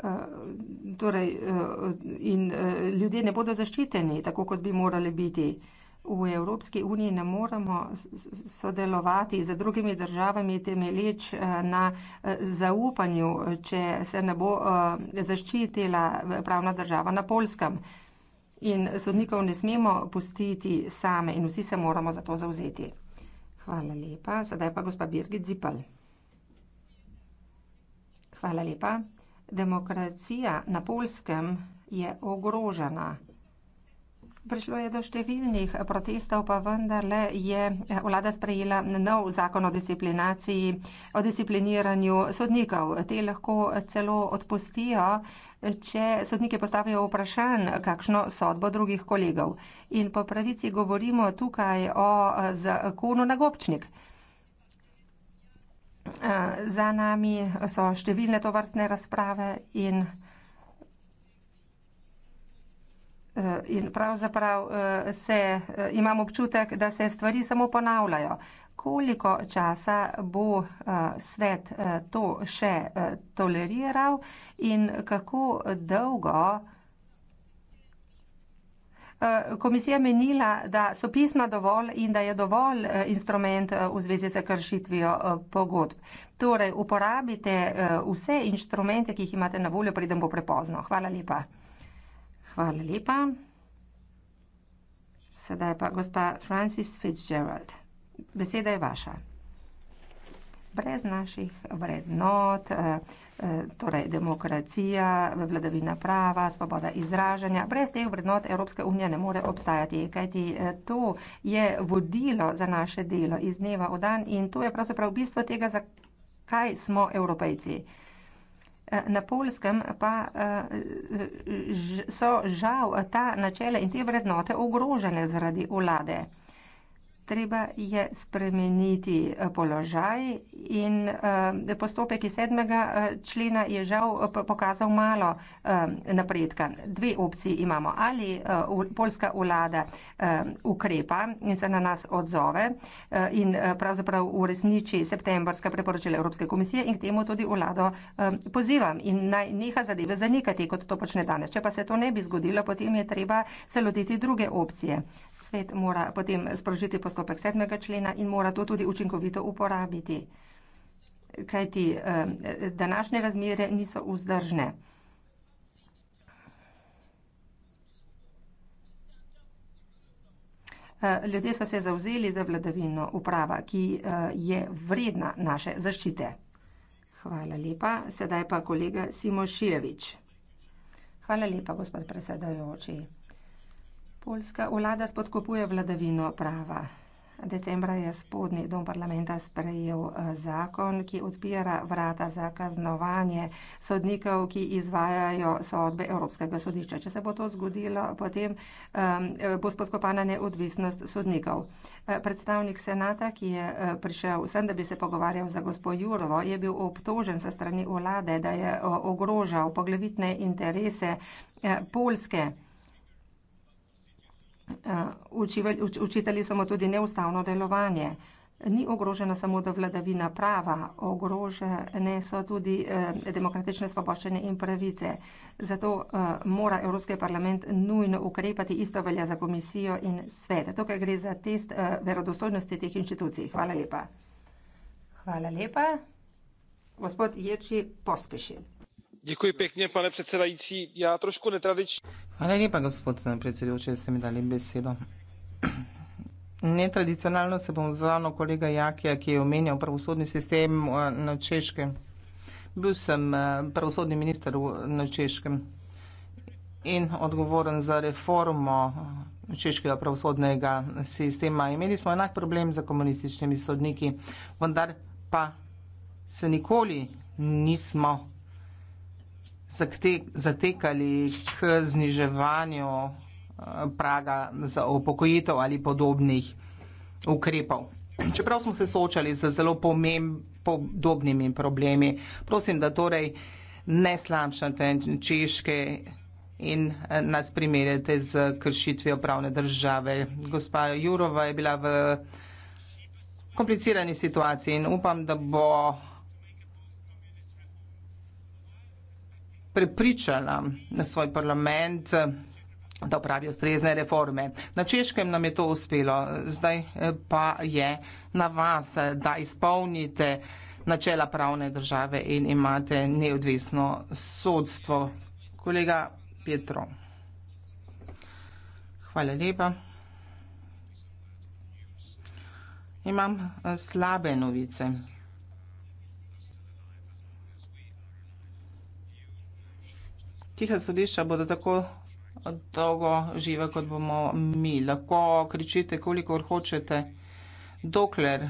Eh, torej, eh, in eh, ljudje ne bodo zaščiteni, tako kot bi morali biti. V Evropski uniji ne moremo sodelovati z drugimi državami temeljič na zaupanju, če se ne bo zaščitila pravna država na polskem. In sodnikov ne smemo pustiti same in vsi se moramo za to zauzeti. Hvala lepa. Sedaj pa gospa Birgit Zipal. Hvala lepa demokracija na Poljskem je ogrožena. Prišlo je do številnih protestov, pa vendarle je vlada sprejela nov zakon o disciplinaciji, o discipliniranju sodnikov. Te lahko celo odpustijo, če sodniki postavijo vprašanj, kakšno sodbo drugih kolegov. In po pravici govorimo tukaj o zakonu na gobčnik. Eh, za nami so številne tovrstne razprave in, eh, in pravzaprav eh, se, imam občutek, da se stvari samo ponavljajo. Koliko časa bo svet to še toleriral in kako dolgo komisija menila, da so pisma dovolj in da je dovolj eh, instrument eh, v zvezi z kršitvijo eh, pogodb. Torej, uporabite vse inštrumente, ki jih imate na voljo, preden bo prepozno. Hvala lepa. Hvala lepa. Sedaj pa gospa Francis Fitzgerald. Beseda je vaša. Brez naših vrednot. Uh, torej demokracija, vladavina prava, svoboda izražanja. Brez teh vrednot Evropska unija ne more obstajati, kajti eh, to je vodilo za naše delo iz dneva v dan in to je pravzaprav bistvo tega, zakaj smo evropejci. Eh, na polskem pa eh, so žal ta načela in te vrednote ogrožene zaradi vlade treba je spremeniti eh, položaj in eh, postopek iz sedmega eh, člena je žal pokazal malo napredka. Dve opciji imamo. Ali polska vlada ukrepa in se na nas odzove in pravzaprav uresniči septembrska preporočila Evropske komisije in k temu tudi vlado pozivam in naj neha zadeve zanikati, kot to počne danes. Če pa se to ne bi zgodilo, potem je treba se loditi druge opcije svet mora potem sprožiti postopek sedmega člena in mora to tudi učinkovito uporabiti, kajti današnje razmere niso vzdržne. E, ljudje so se zauzeli za vladavino uprava, ki e, je vredna naše zaščite. Hvala lepa. Sedaj pa kolega Simo Šijevič. Hvala lepa, gospod predsedajoči. Poljska vlada spodkopuje vladavino prava. Decembra je spodnji dom parlamenta sprejel eh, zakon, ki odpira vrata za kaznovanje sodnikov, ki izvajajo sodbe Evropskega sodišča. Če se bo to zgodilo, potem um, bo spodkopana neodvisnost sodnikov. Eh, predstavnik senata, ki je prišel sem, da bi se pogovarjal za gospod Jurovo, je bil obtožen sa strani vlade, da je ogrožal poglavitne interese Poljske. Eh, učivali, uč, učitali so mu tudi neustavno delovanje. Ni ogrožena samo da vladavina prava, ogrožene so tudi eh, demokratične svoboščine in pravice. Zato eh, mora Evropski parlament nujno ukrepati, isto velja za komisijo in svet. Tukaj gre za test eh, verodostojnosti teh inštitucij. Hvala lepa. Hvala lepa. Gospod Ječi, pospešil pane předsedající já trošku netradičně eh, *clears throat* bom odzval na kolega jakija ki je omenjal pravosodni sistem eh, na češkem. Bil sem eh, pravosodni minister na češkem in odgovoren za reformo češkega pravosodnega sistema. Imeli smo enak problem za komunističnimi sodniki, vendar pa se nikoli nismo zatekali k zniževanju eh, praga za upokojitev ali podobnih ukrepov. Čeprav smo se soočali z zelo podobnimi problemi, prosim, da torej ne slamšate češke in eh, nas primerjate z kršitvijo pravne države. Gospa Jurova je bila v komplicirani situaciji in upam, da bo prepričala na svoj parlament, da upravijo strezne reforme. Na Češkem nam je to uspelo, zdaj eh, pa je na vas, eh, da izpolnite načela pravne države in imate neodvisno sodstvo. Kolega Petro, hvala lepa. Imam eh, slabe novice. tiha sodišča bodo tako dolgo žive, kot bomo mi. Lahko kričite, koliko hočete, dokler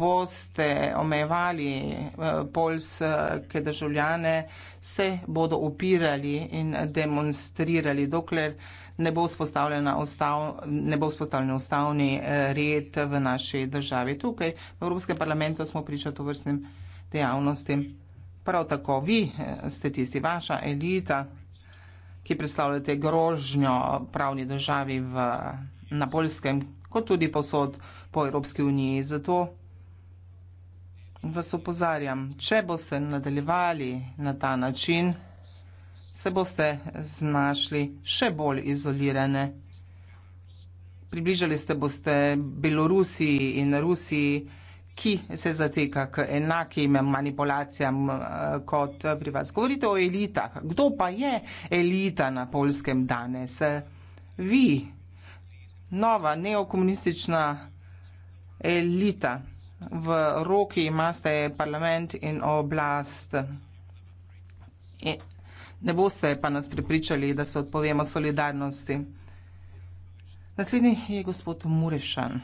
boste omejevali eh, polske državljane, se bodo upirali in demonstrirali, dokler ne bo, ustav, ne bo vzpostavljen ustavni eh, red v naši državi. Tukaj v Evropskem parlamentu smo priča to vrstnim dejavnostim prav tako vi eh, ste tisti, vaša elita, ki predstavljate grožnjo pravni državi v, na Poljskem, kot tudi posod po Evropski uniji. Zato vas upozarjam, če boste nadaljevali na ta način, se boste znašli še bolj izolirane. Približali ste boste Belorusiji in Rusiji ki se zateka k enakim manipulacijam eh, kot pri vas. Govorite o elitah. Kdo pa je elita na polskem danes? Vi, nova neokomunistična elita, v roki imate parlament in oblast. E, ne boste pa nas pripričali, da se odpovemo solidarnosti. Naslednji je gospod Murešan.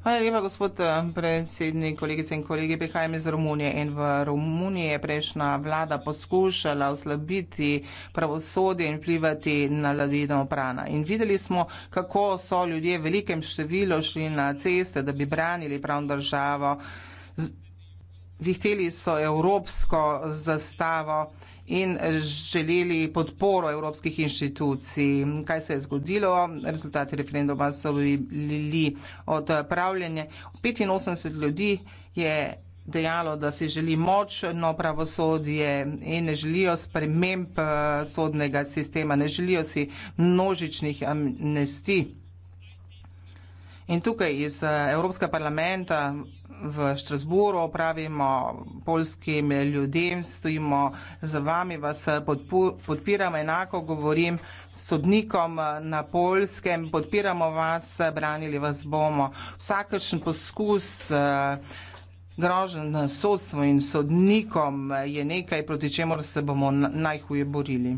Hvala lepa, gospod eh, predsednik, kolegice in kolegi. Prihajam iz Romunije in v Romuniji je prejšnja vlada poskušala oslabiti pravosodje in plivati na ladino prana. In videli smo, kako so ljudje v velikem številu šli na ceste, da bi branili pravno državo. Vihteli so evropsko zastavo in želeli podporo evropskih inštitucij. Kaj se je zgodilo? Rezultati referenduma so bili odpravljeni. 85 ljudi je dejalo, da si želi močno pravosodje in ne želijo sprememb eh, sodnega sistema, ne želijo si množičnih amnesti. In tukaj iz eh, Evropskega parlamenta v Štrasburu, pravimo polskim ljudem, stojimo za vami, vas podpiramo enako, govorim sodnikom eh, na polskem, podpiramo vas, branili vas bomo. Vsakršen poskus eh, grožen sodstvu in sodnikom eh, je nekaj, proti čemor se bomo najhuje borili.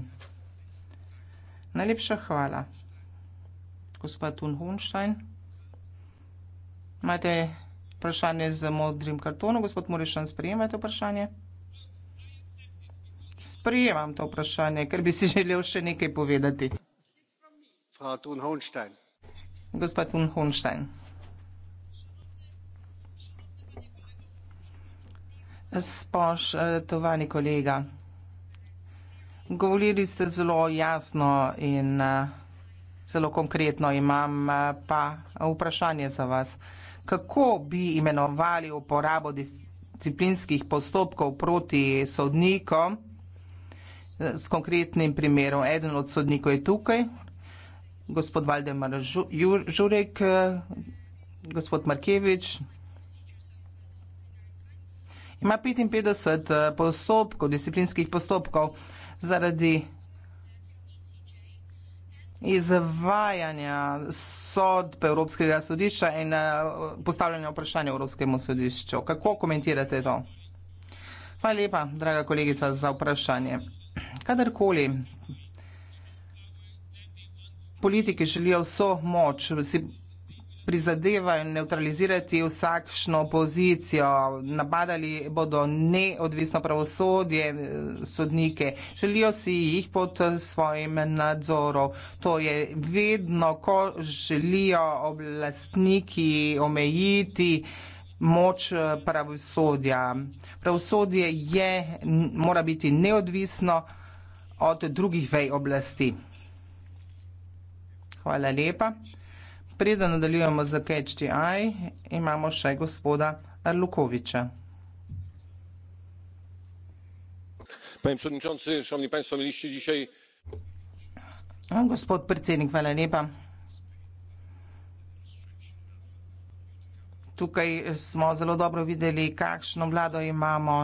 Najlepša hvala. Gospod Tun Hunštajn, imate vprašanje z modrim kartonom. Gospod Morešan, sprejemate vprašanje? Sprejemam to vprašanje, ker bi si *laughs* želel še nekaj povedati. Gospod Unhonštajn. Spoštovani kolega, govorili ste zelo jasno in uh, Zelo konkretno imam eh, pa vprašanje za vas. Kako bi imenovali uporabo disciplinskih postopkov proti sodnikom? S konkretnim primerom, eden od sodnikov je tukaj, gospod Valdemar Žurek, eh, gospod Markevič. Ima 55 eh, postopkov, disciplinskih postopkov zaradi izvajanja sodb Evropskega sodišča in eh, postavljanja vprašanja Evropskemu sodišču. Kako komentirate to? Hvala lepa, draga kolegica, za vprašanje. Kadarkoli politiki želijo vso moč, si prizadevajo neutralizirati vsakšno opozicijo, nabadali bodo neodvisno pravosodje, eh, sodnike, želijo si jih pod svojim nadzorom. To je vedno, ko želijo oblastniki omejiti moč eh, pravosodja. Pravosodje je, mora biti neodvisno od drugih vej oblasti. Hvala lepa. Preden nadaljujemo z KHTI, imamo še gospoda Arlukoviča. Panie przewodniczący, szanowni państwo, mieliście dzisiaj. Gospod predsednik, hvala lepa. Tukaj smo zelo dobro videli, kakšno vlado imamo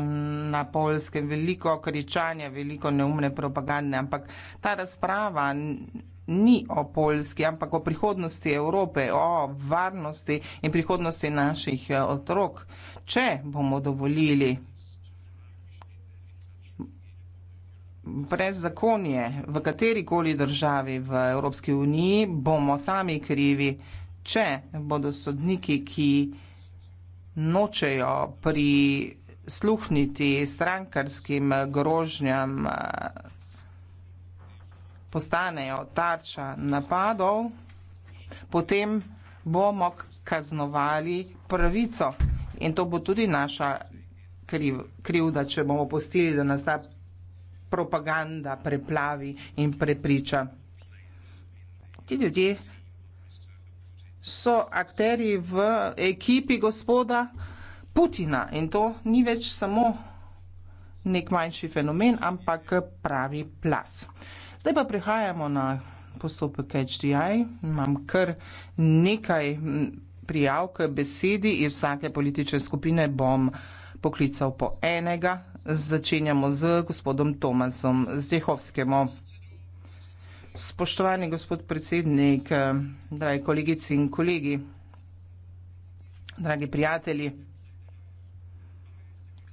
na polskem. Veliko kričanja, veliko neumne propagande, ampak ta razprava ni o Poljski, ampak o prihodnosti Evrope, o varnosti in prihodnosti naših eh, otrok. Če bomo dovolili brez zakonje v katerikoli državi v Evropski uniji, bomo sami krivi, če bodo sodniki, ki nočejo prisluhniti strankarskim grožnjam eh, postanejo tarča napadov, potem bomo kaznovali pravico. In to bo tudi naša kriv, krivda, če bomo postili, da nas ta propaganda preplavi in prepriča. Ti ljudje so akteri v ekipi gospoda Putina in to ni več samo nek manjši fenomen, ampak pravi plas. Zdaj pa prehajamo na postopek HDI. Imam kar nekaj prijav k besedi iz vsake politične skupine. Bom poklical po enega. Začenjamo z gospodom Tomasom Zdehovskemo. Spoštovani gospod predsednik, eh, dragi kolegici in kolegi, dragi prijatelji,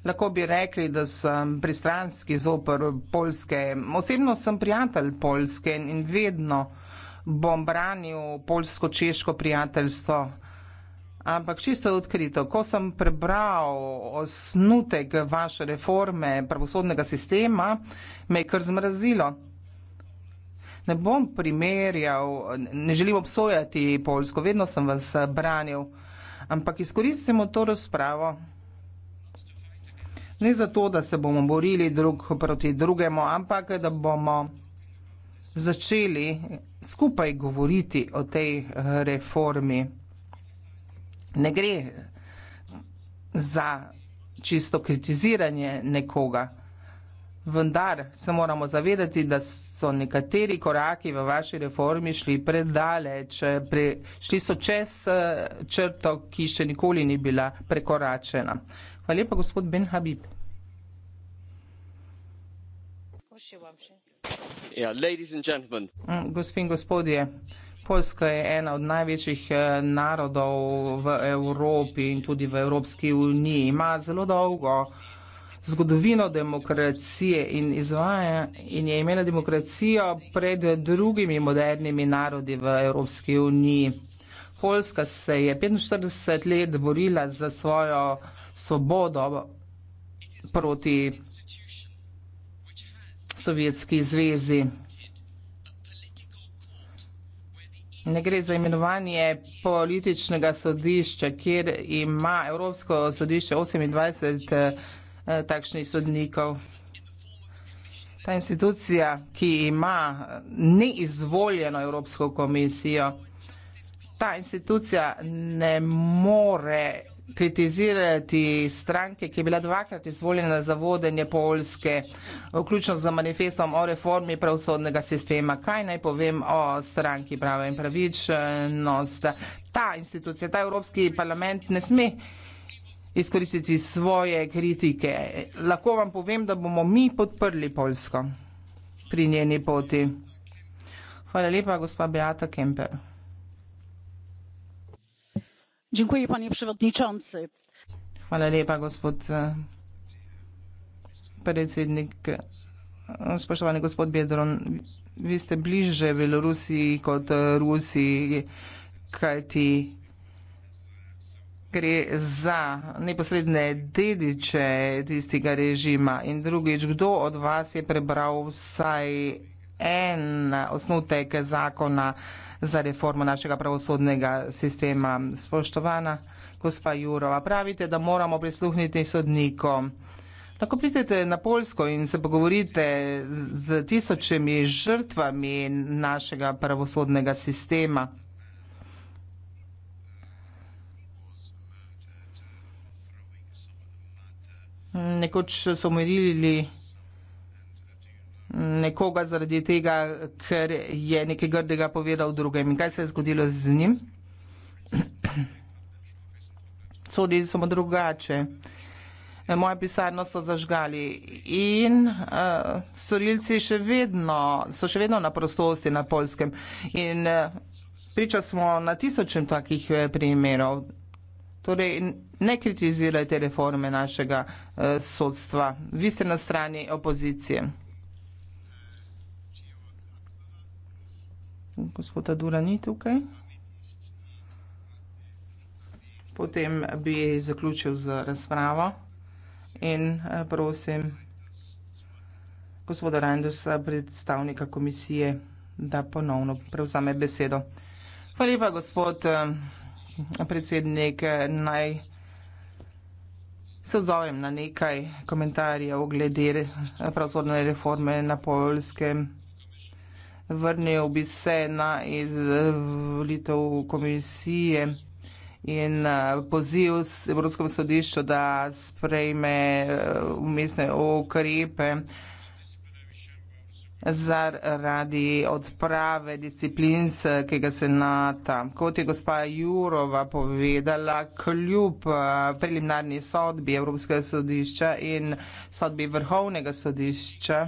Lahko bi rekli, da sem pristranski zoper Polske. Osebno sem prijatelj Polske in vedno bom branil polsko-češko prijateljstvo. Ampak čisto odkrito, ko sem prebral osnutek vaše reforme pravosodnega sistema, me je kar zmrazilo. Ne bom primerjal, ne želim obsojati Polsko, vedno sem vas branil. Ampak izkoristimo to razpravo ne zato, da se bomo borili drug proti drugemu, ampak da bomo začeli skupaj govoriti o tej reformi. Ne gre za čisto kritiziranje nekoga, vendar se moramo zavedati, da so nekateri koraki v vaši reformi šli predaleč, pre, šli so čez eh, črto, ki še nikoli ni bila prekoračena. Hvala lepa, gospod Ben Habib. Mm, gospe in gospodje, Poljska je ena od največjih eh, narodov v Evropi in tudi v Evropski uniji. Ima zelo dolgo zgodovino demokracije in, izvaja, in je imela demokracijo pred drugimi modernimi narodi v Evropski uniji. Poljska se je 45 let borila za svojo demokracijo svobodo proti Sovjetski zvezi. Ne gre za imenovanje političnega sodišča, kjer ima Evropsko sodišče 28 eh, takšnih sodnikov. Ta institucija, ki ima neizvoljeno Evropsko komisijo, ta institucija ne more kritizirati stranke, ki je bila dvakrat izvoljena za vodenje Polske, vključno z manifestom o reformi pravosodnega sistema. Kaj naj povem o stranki prava in pravičnost? Ta institucija, ta Evropski parlament ne sme izkoristiti svoje kritike. Lahko vam povem, da bomo mi podprli Polsko pri njeni poti. Hvala lepa, gospa Beata Kemper panie przewodniczący! Eh, spoštovani gospod biedron vi ste bližje belorusiji kot eh, rusiji kajti gre za neposredne dediče tistega režima in drugič kdo od vas je prebral vsaj en osnutek zakona za reformo našega pravosodnega sistema. Spoštovana gospa Jurova, pravite, da moramo prisluhniti sodnikom. Lahko pridete na Polsko in se pogovorite z tisočimi žrtvami našega pravosodnega sistema. Nekoč so umirili nekoga zaradi tega, ker je nekaj grdega povedal drugim. In kaj se je zgodilo z njim? *clears throat* Sodi samo drugače. Moje pisarno so zažgali in uh, storilci še vedno, so še vedno na prostosti na polskem. In uh, priča smo na tisočem takih uh, primerov. Torej, ne kritizirajte reforme našega uh, sodstva. Vi ste na strani opozicije. gospoda Dula ni tukaj. Potem bi zaključil z razpravo in eh, prosim gospoda Randusa, predstavnika komisije, da ponovno prevzame besedo. Hvala lepa, gospod eh, predsednik. Naj se odzovem na nekaj komentarjev glede pravzorne reforme na polskem vrnil bi se na izvolitev komisije in uh, poziv Evropskemu sodišču, da sprejme uh, umestne okrepe zaradi odprave disciplins, uh, ki ga se nata. Kot je gospa Jurova povedala, kljub preliminarni sodbi Evropskega sodišča in sodbi Vrhovnega sodišča,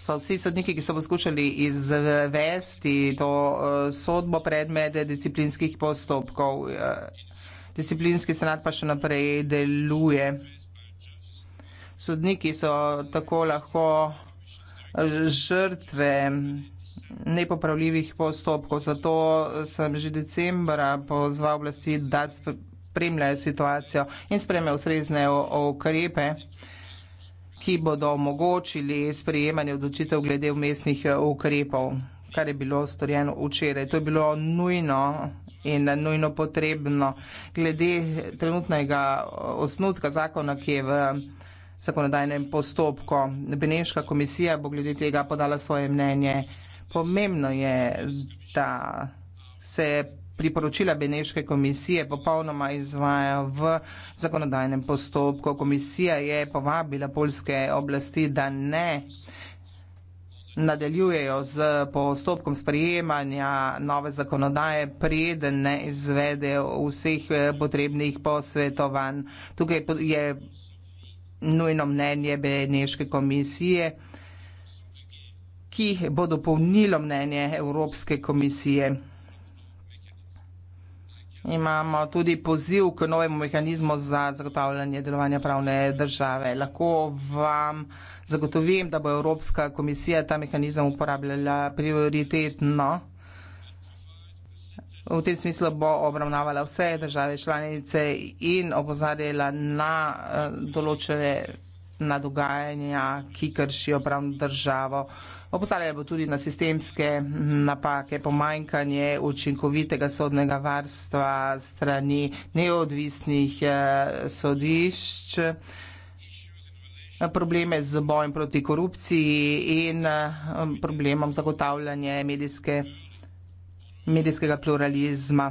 so vsi sodniki, ki so poskušali izvesti to eh, sodbo predmede disciplinskih postopkov. Eh, disciplinski senat pa še naprej deluje. Sodniki so tako lahko žrtve nepopravljivih postopkov, zato sem že decembra pozval oblasti, da spremljajo situacijo in spremljajo ustrezne ukrepe ki bodo omogočili sprejemanje odločitev glede umestnih eh, ukrepov, kar je bilo storjeno včeraj. To je bilo nujno in nujno potrebno. Glede trenutnega eh, osnutka zakona, ki je v eh, zakonodajnem postopku, Beneška komisija bo glede tega podala svoje mnenje. Pomembno je, da se priporočila Beneške komisije popolnoma izvaja v zakonodajnem postopku. Komisija je povabila polske oblasti, da ne nadaljujejo z postopkom sprejemanja nove zakonodaje, preden ne izvede vseh potrebnih posvetovanj. Tukaj je nujno mnenje Beneške komisije, ki bo dopolnilo mnenje Evropske komisije imamo tudi poziv k novemu mehanizmu za zagotavljanje delovanja pravne države. Lahko vam zagotovim, da bo Evropska komisija ta mehanizem uporabljala prioritetno. V tem smislu bo obravnavala vse države članice in opozarjala na eh, določene na dogajanja, ki kršijo pravno državo. Opozarjajo pa tudi na sistemske napake, pomanjkanje učinkovitega sodnega varstva strani neodvisnih eh, sodišč, probleme z bojem proti korupciji in eh, problemom zagotavljanje medijske, medijskega pluralizma.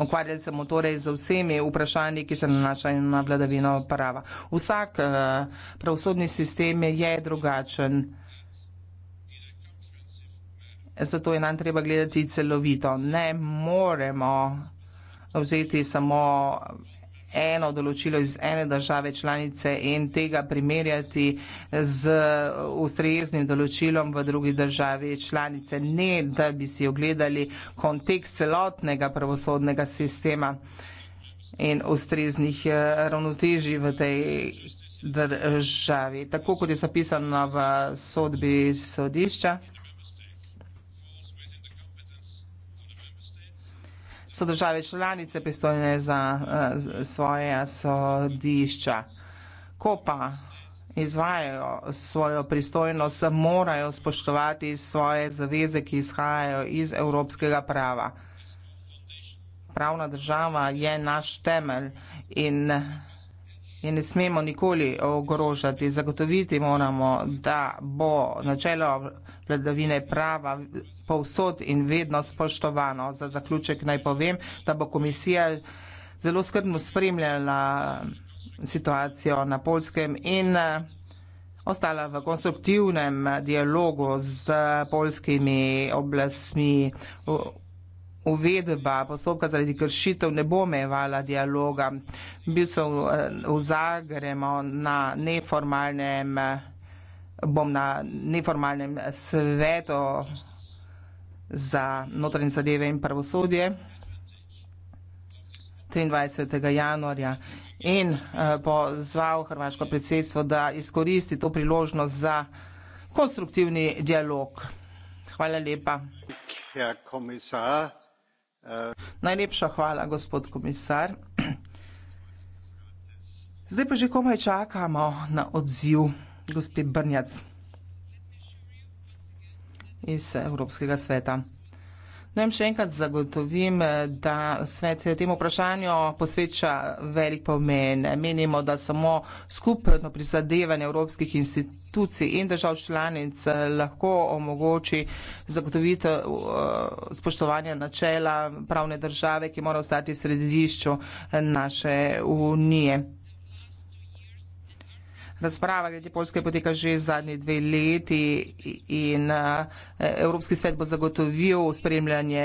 Ukvarjali se bomo torej z vsemi vprašanji, ki se nanašajo na vladavino prava. Vsak uh, pravosodni sistem je drugačen. Zato je nam treba gledati celovito. Ne moremo vzeti samo eno določilo iz ene države članice in tega primerjati z ustreznim določilom v drugi državi članice. Ne, da bi si ogledali kontekst celotnega pravosodnega sistema in ustreznih eh, ravnotežij v tej državi. Tako kot je zapisano v sodbi sodišča, so države članice pristojne za uh, svoje sodišča. Ko pa izvajajo svojo pristojnost, morajo spoštovati svoje zaveze, ki izhajajo iz evropskega prava. Pravna država je naš temelj in, in ne smemo nikoli ogrožati. Zagotoviti moramo, da bo načelo vladavine prava povsod in vedno spoštovano. Za zaključek naj povem, da bo komisija zelo skrbno spremljala situacijo na polskem in eh, ostala v konstruktivnem dialogu z polskimi oblastmi. Uvedba postopka zaradi kršitev ne bo mejevala dialoga. Bil sem eh, v Zagrebu na neformalnem, eh, bom na neformalnem svetu za notranje zadeve in pravosodje 23. januarja in eh, pozval hrvaško predsedstvo, da izkoristi to priložnost za konstruktivni dialog. Hvala lepa. Eh, Najlepša hvala, gospod komisar. Zdaj pa že komaj čakamo na odziv gospe Brnjac iz Evropskega sveta. Naj no, vam še enkrat zagotovim, da svet temu vprašanju posveča velik pomen. Menimo, da samo skupno prizadevanje evropskih institucij in držav članic lahko omogoči zagotovitev eh, spoštovanja načela pravne države, ki mora ostati v središču naše unije. Razprava glede Polske poteka že zadnji dve leti in eh, Evropski svet bo zagotovil spremljanje